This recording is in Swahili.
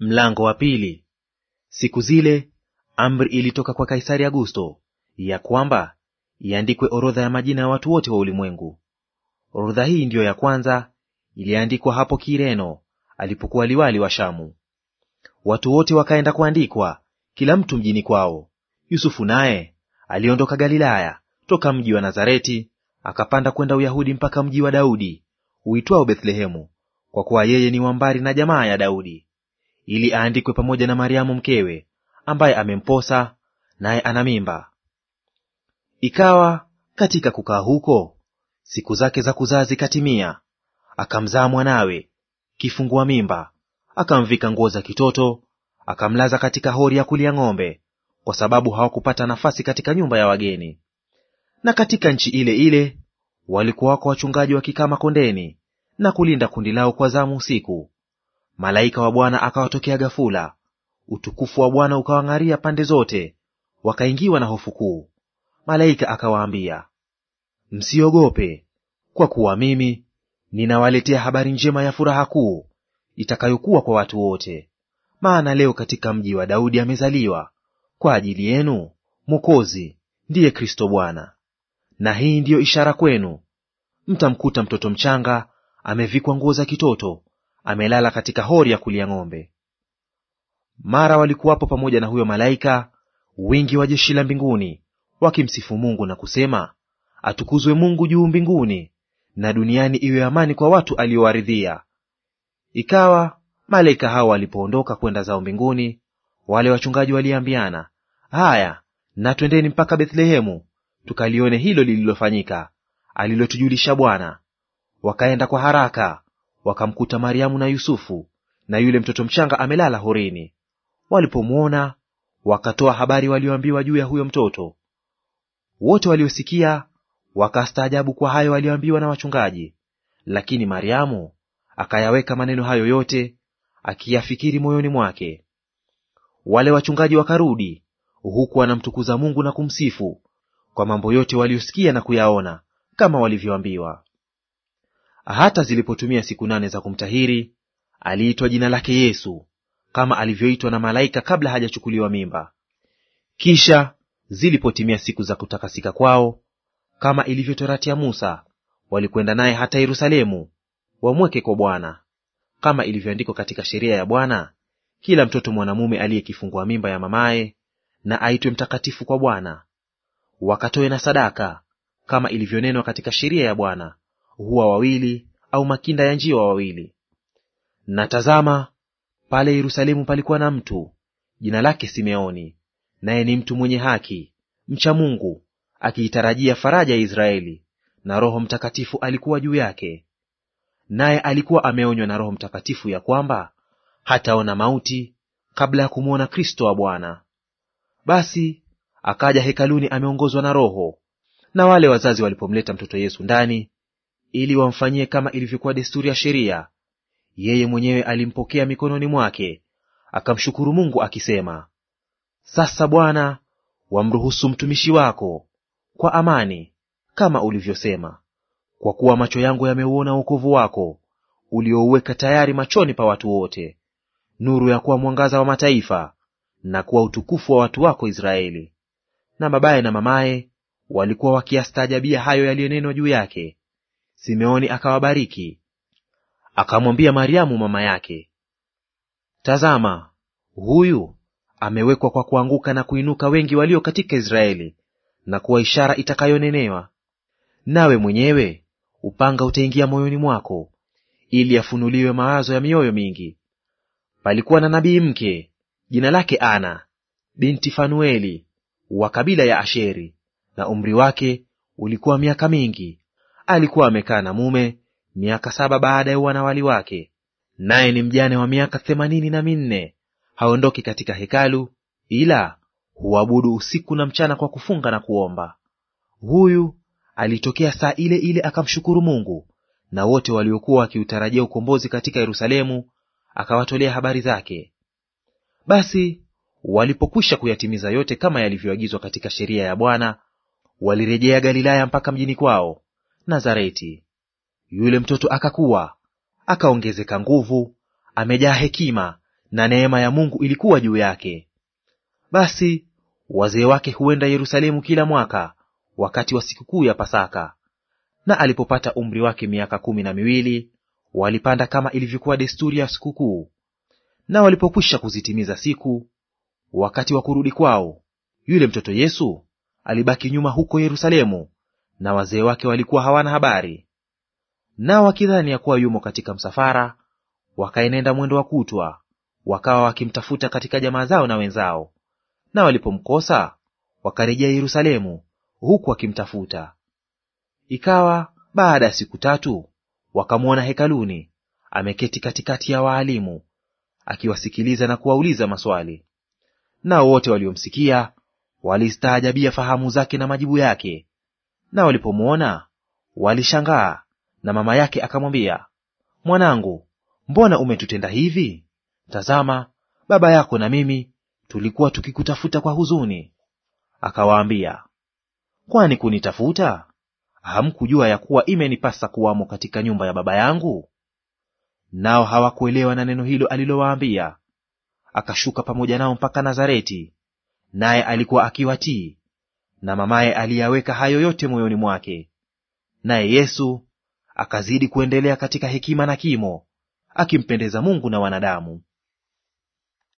Mlango wa pili. Siku zile amri ilitoka kwa Kaisari Augusto ya kwamba iandikwe orodha ya majina ya watu wote wa ulimwengu. Orodha hii ndiyo ya kwanza iliandikwa hapo Kireno alipokuwa liwali wa Shamu. Watu wote wakaenda kuandikwa, kila mtu mjini kwao. Yusufu naye aliondoka Galilaya toka mji wa Nazareti akapanda kwenda Uyahudi mpaka mji wa Daudi uitwao Bethlehemu, kwa kuwa yeye ni wa mbari na jamaa ya Daudi ili aandikwe pamoja na Mariamu mkewe, ambaye amemposa naye ana mimba. Ikawa katika kukaa huko, siku zake za kuzaa zikatimia, akamzaa mwanawe kifungua mimba, akamvika nguo za kitoto, akamlaza katika hori ya kulia ng'ombe, kwa sababu hawakupata nafasi katika nyumba ya wageni. Na katika nchi ile ile walikuwa wako wachungaji wakikama kondeni na kulinda kundi lao kwa zamu usiku, malaika wa Bwana akawatokea ghafula, utukufu wa Bwana ukawang'aria pande zote, wakaingiwa na hofu kuu. Malaika akawaambia, msiogope, kwa kuwa mimi ninawaletea habari njema ya furaha kuu itakayokuwa kwa watu wote. Maana leo katika mji wa Daudi amezaliwa kwa ajili yenu Mwokozi, ndiye Kristo Bwana. Na hii ndiyo ishara kwenu, mtamkuta mtoto mchanga amevikwa nguo za kitoto amelala katika hori ya kulia ng'ombe. Mara walikuwapo pamoja na huyo malaika wingi wa jeshi la mbinguni, wakimsifu Mungu na kusema, atukuzwe Mungu juu mbinguni, na duniani iwe amani kwa watu aliowaridhia. Ikawa malaika hao walipoondoka kwenda zao mbinguni, wale wachungaji waliambiana, haya na twendeni mpaka Bethlehemu tukalione hilo lililofanyika alilotujulisha Bwana. Wakaenda kwa haraka wakamkuta Mariamu na Yusufu na yule mtoto mchanga amelala horini. Walipomwona wakatoa habari walioambiwa juu ya huyo mtoto. Wote waliosikia wakastaajabu kwa hayo walioambiwa na wachungaji. Lakini Mariamu akayaweka maneno hayo yote akiyafikiri moyoni mwake. Wale wachungaji wakarudi huku wanamtukuza Mungu na kumsifu kwa mambo yote waliosikia na kuyaona kama walivyoambiwa. Hata zilipotumia siku nane za kumtahiri, aliitwa jina lake Yesu, kama alivyoitwa na malaika kabla hajachukuliwa mimba. Kisha zilipotimia siku za kutakasika kwao, kama ilivyo torati ya Musa, walikwenda naye hata Yerusalemu wamweke kwa Bwana, kama ilivyoandikwa katika sheria ya Bwana, kila mtoto mwanamume aliyekifungua mimba ya mamaye na aitwe mtakatifu kwa Bwana. Wakatoe na sadaka kama ilivyonenwa katika sheria ya Bwana, hua wawili au makinda ya njiwa wawili. Na tazama, pale Yerusalemu palikuwa na mtu jina lake Simeoni, naye ni mtu mwenye haki, mcha Mungu, akiitarajia faraja ya Israeli, na Roho Mtakatifu alikuwa juu yake. Naye alikuwa ameonywa na Roho Mtakatifu ya kwamba hataona mauti kabla ya kumwona Kristo wa Bwana. Basi akaja hekaluni ameongozwa na Roho. Na wale wazazi walipomleta mtoto Yesu ndani, ili wamfanyie kama ilivyokuwa desturi ya sheria. Yeye mwenyewe alimpokea mikononi mwake, akamshukuru Mungu akisema, sasa Bwana, wamruhusu mtumishi wako kwa amani, kama ulivyosema, kwa kuwa macho yangu yameuona wokovu wako uliouweka tayari machoni pa watu wote, nuru ya kuwa mwangaza wa mataifa na kuwa utukufu wa watu wako Israeli. Na babaye na mamaye walikuwa wakiyastaajabia hayo yaliyonenwa juu yake, Simeoni akawabariki. Akamwambia Mariamu mama yake, Tazama, huyu amewekwa kwa kuanguka na kuinuka wengi walio katika Israeli, na kuwa ishara itakayonenewa. Nawe mwenyewe upanga utaingia moyoni mwako, ili yafunuliwe mawazo ya mioyo mingi. Palikuwa na nabii mke jina lake Ana binti Fanueli wa kabila ya Asheri, na umri wake ulikuwa miaka mingi, alikuwa amekaa na mume miaka saba baada ya uwanawali wake, naye ni mjane wa miaka themanini na minne. Haondoki katika hekalu, ila huabudu usiku na mchana kwa kufunga na kuomba. Huyu alitokea saa ile ile akamshukuru Mungu, na wote waliokuwa wakiutarajia ukombozi katika Yerusalemu akawatolea habari zake. Basi walipokwisha kuyatimiza yote kama yalivyoagizwa katika sheria ya Bwana, walirejea Galilaya mpaka mjini kwao Nazareti. Yule mtoto akakuwa, akaongezeka nguvu, amejaa hekima, na neema ya Mungu ilikuwa juu yake. Basi wazee wake huenda Yerusalemu kila mwaka wakati wa sikukuu ya Pasaka. Na alipopata umri wake miaka kumi na miwili, walipanda kama ilivyokuwa desturi ya sikukuu. Na walipokwisha kuzitimiza siku, wakati wa kurudi kwao, yule mtoto Yesu alibaki nyuma huko Yerusalemu na wazee wake walikuwa hawana habari. Nao wakidhani ya kuwa yumo katika msafara, wakaenenda mwendo wa kutwa, wakawa wakimtafuta katika jamaa zao na wenzao. Na walipomkosa wakarejea Yerusalemu, huku wakimtafuta. Ikawa baada ya siku tatu wakamwona hekaluni, ameketi katikati ya waalimu, akiwasikiliza na kuwauliza maswali. Nao wote waliomsikia walistaajabia fahamu zake na majibu yake, na walipomwona walishangaa, na mama yake akamwambia, mwanangu, mbona umetutenda hivi? Tazama, baba yako na mimi tulikuwa tukikutafuta kwa huzuni. Akawaambia, kwani kunitafuta? Hamkujua ya kuwa imenipasa kuwamo katika nyumba ya baba yangu? Nao hawakuelewa na neno hilo alilowaambia. Akashuka pamoja nao mpaka Nazareti, naye alikuwa akiwatii na mamaye aliyaweka hayo yote moyoni mwake. Naye Yesu akazidi kuendelea katika hekima na kimo, akimpendeza Mungu na wanadamu.